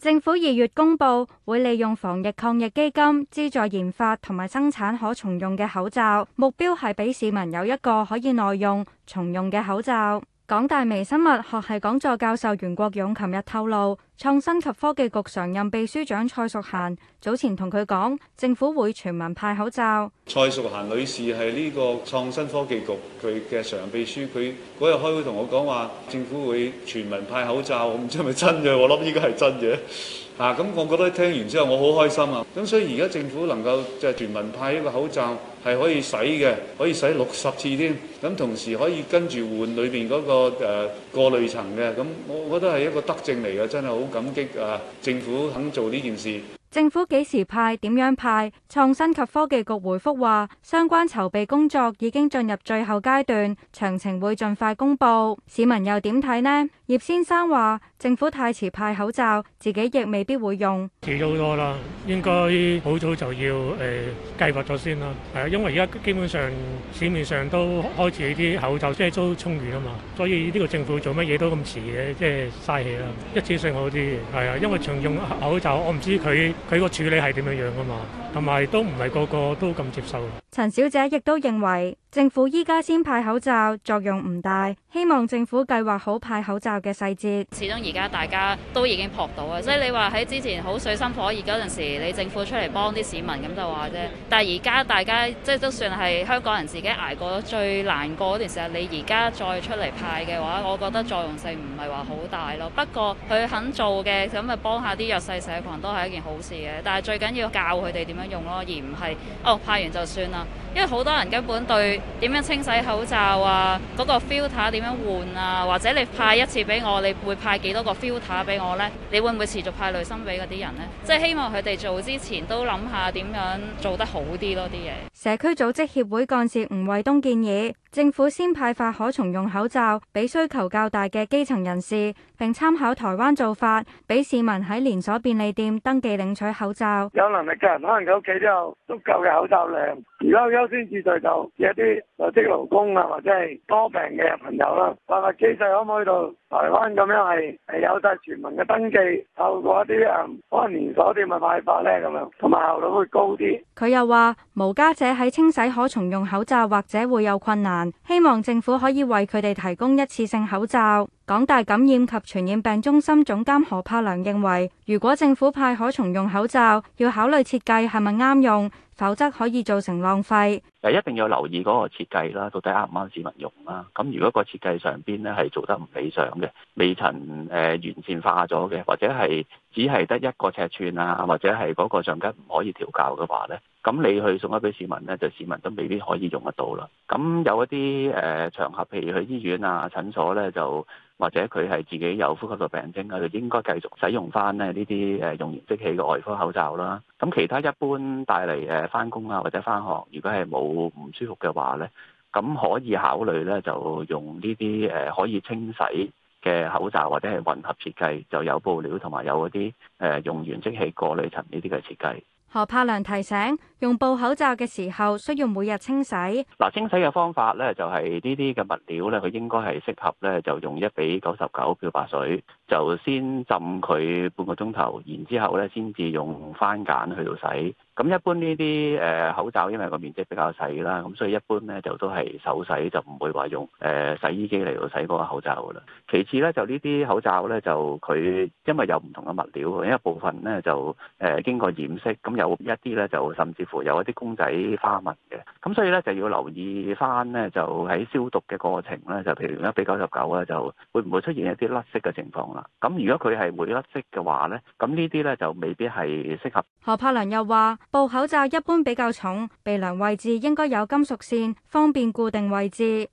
政府二月公布，會利用防疫抗疫基金資助研發同埋生產可重用嘅口罩，目標係俾市民有一個可以耐用重用嘅口罩。港大微生物學系講座教授袁國勇琴日透露，創新及科技局常任秘書長蔡淑嫻早前同佢講，政府會全民派口罩。蔡淑嫻女士係呢個創新科技局佢嘅常秘書，佢嗰日開會同我講話，政府會全民派口罩，我唔知係咪真嘅，我諗依家係真嘅。嚇、啊，咁我覺得聽完之後我好開心啊！咁所以而家政府能夠即係全民派一個口罩係可以洗嘅，可以洗六十次添，咁同時可以跟住換裏邊嗰個誒、呃、過濾層嘅，咁我覺得係一個德政嚟嘅，真係好。感激啊！政府肯做呢件事。政府幾時派，點樣派？創新及科技局回覆話，相關籌備工作已經進入最後階段，詳情會盡快公布。市民又點睇呢？葉先生話：政府太遲派口罩，自己亦未必會用。遲咗好多啦，應該好早就要誒計劃咗先啦。係啊，因為而家基本上市面上都開始呢啲口罩即係、就是、都充裕啊嘛，所以呢個政府做乜嘢都咁遲嘅，即係嘥氣啦。一次性好啲，係啊，因為常用口罩，我唔知佢。佢個處理係點樣樣㗎嘛，同埋都唔係個個都咁接受。陳小姐亦都認為。政府依家先派口罩，作用唔大。希望政府計劃好派口罩嘅細節。始終而家大家都已經撲到啊，即係你話喺之前好水深火熱嗰陣時，你政府出嚟幫啲市民咁就話啫。但係而家大家即係都算係香港人自己捱過咗最難過嗰段時候，你而家再出嚟派嘅話，我覺得作用性唔係話好大咯。不過佢肯做嘅咁咪幫下啲弱勢社群都係一件好事嘅。但係最緊要教佢哋點樣用咯，而唔係哦派完就算啦。因為好多人根本對。點樣清洗口罩啊？嗰個 filter 點樣換啊？或者你派一次俾我，你會派幾多個 filter 俾我呢？你會唔會持續派濾芯俾嗰啲人呢？即係希望佢哋做之前都諗下點樣做得好啲咯啲嘢。社區組織協會幹事吳衛東建議。政府先派發可重用口罩俾需求較大嘅基層人士，並參考台灣做法，俾市民喺連鎖便利店登記領取口罩。有能力嘅人可能佢屋企都有足夠嘅口罩量，而家優先次序就一有一啲有職勞工啊，或者係多病嘅朋友啦、啊。辦法機制可唔可以到？台灣咁樣係有晒全民嘅登記，透過一啲可能連鎖店嘅派發呢，咁樣，同埋效率會高啲。佢又話，無家者喺清洗可重用口罩或者會有困難。希望政府可以為佢哋提供一次性口罩。港大感染及傳染病中心總監何柏良認為，如果政府派可重用口罩，要考慮設計係咪啱用，否則可以造成浪費。一定要留意嗰個設計啦，到底啱唔啱市民用啦。咁如果個設計上邊咧係做得唔理想嘅，未曾誒、呃、完善化咗嘅，或者係只係得一個尺寸啊，或者係嗰個橡筋唔可以調校嘅話咧？咁你去送一俾市民咧，就市民都未必可以用得到啦。咁有一啲誒、呃、場合，譬如去醫院啊、診所咧，就或者佢係自己有呼吸道病徵啊，就應該繼續使用翻咧呢啲誒用完即棄嘅外科口罩啦。咁其他一般帶嚟誒翻工啊或者翻學，如果係冇唔舒服嘅話咧，咁可以考慮咧就用呢啲誒可以清洗嘅口罩，或者係混合設計，就有布料同埋有一啲誒、呃、用完即棄過濾層呢啲嘅設計。何柏良提醒，用布口罩嘅時候，需要每日清洗。嗱，清洗嘅方法咧，就係呢啲嘅物料咧，佢應該係適合咧，就用一比九十九漂白水。就先浸佢半個鐘頭，然之後咧先至用番梘去到洗。咁一般呢啲誒口罩，因為個面積比較細啦，咁所以一般咧就都係手洗，就唔會話用誒、呃、洗衣機嚟到洗嗰個口罩噶啦。其次咧，就呢啲口罩咧，就佢因為有唔同嘅物料，呃、有一部分咧就誒經過染色，咁有一啲咧就甚至乎有一啲公仔花紋嘅。咁所以咧就要留意翻咧，就喺消毒嘅過程咧，就譬如一比九十九咧，就會唔會出現一啲甩色嘅情況啦？咁如果佢係會甩色嘅話咧，咁呢啲咧就未必係適合。何柏良又話：布口罩一般比較重，鼻梁位置應該有金屬線，方便固定位置。